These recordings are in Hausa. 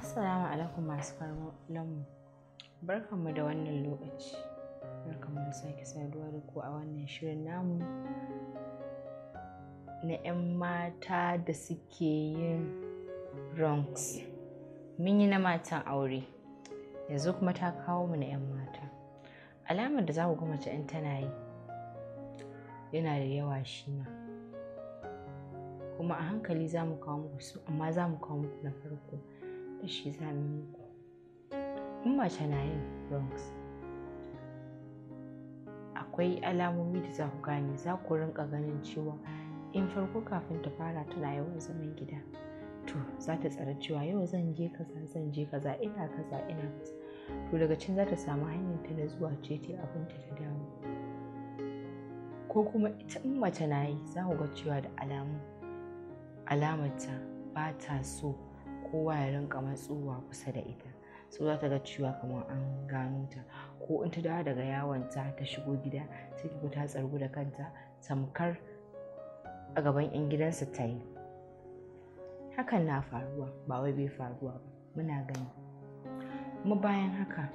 Assalamu alaikum masu kallonmu. Barkanmu da wannan lokaci. Barkanmu da sake saduwa da ku a wannan shirin namu na 'yan mata da suke yin rungs Mun yi na matan aure, yanzu kuma ta kawo mu na 'yan mata. Alamar da za ku mace ta'in tana yi yana da yawa shi ma. Kuma a hankali za mu kawo muku su, amma za mu kawo muku na farko. da shi za mu yi ku na yin bronx akwai alamomi da za ku gane za ku rinka ganin cewa in farko kafin ta fara tana yawan zaman gida to za ta tsara cewa yau zan je kaza zan je kaza ina kaza ina kaza to daga can za ta samu hanyar ta na zuwa ce ta abin ta ta dawo ko kuma ita in mace na yi za ku ga cewa da alamu alamarta ba ta so kowa ya rinka matsowa kusa da ita sau za ta ga cewa kamar an gano ta ko in ta dawo daga yawon ta shigo gida sai ta ta tsargu da kanta tamkar a gaban 'yan gidansa ta yi hakan na faruwa ba wai bai faruwa ba muna gani kuma bayan haka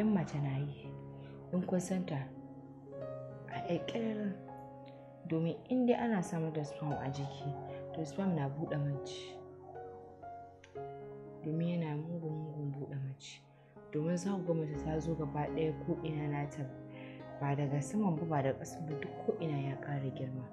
in mace na yi in kun santa a ƙirƙirar domin inda ana samar da sperm a jiki to sperm na buɗe mace domin sa goma ta zo gaba ɗaya ko ina nata ba daga saman ba ba daga ƙasa ba duk ko ina ya ƙara girma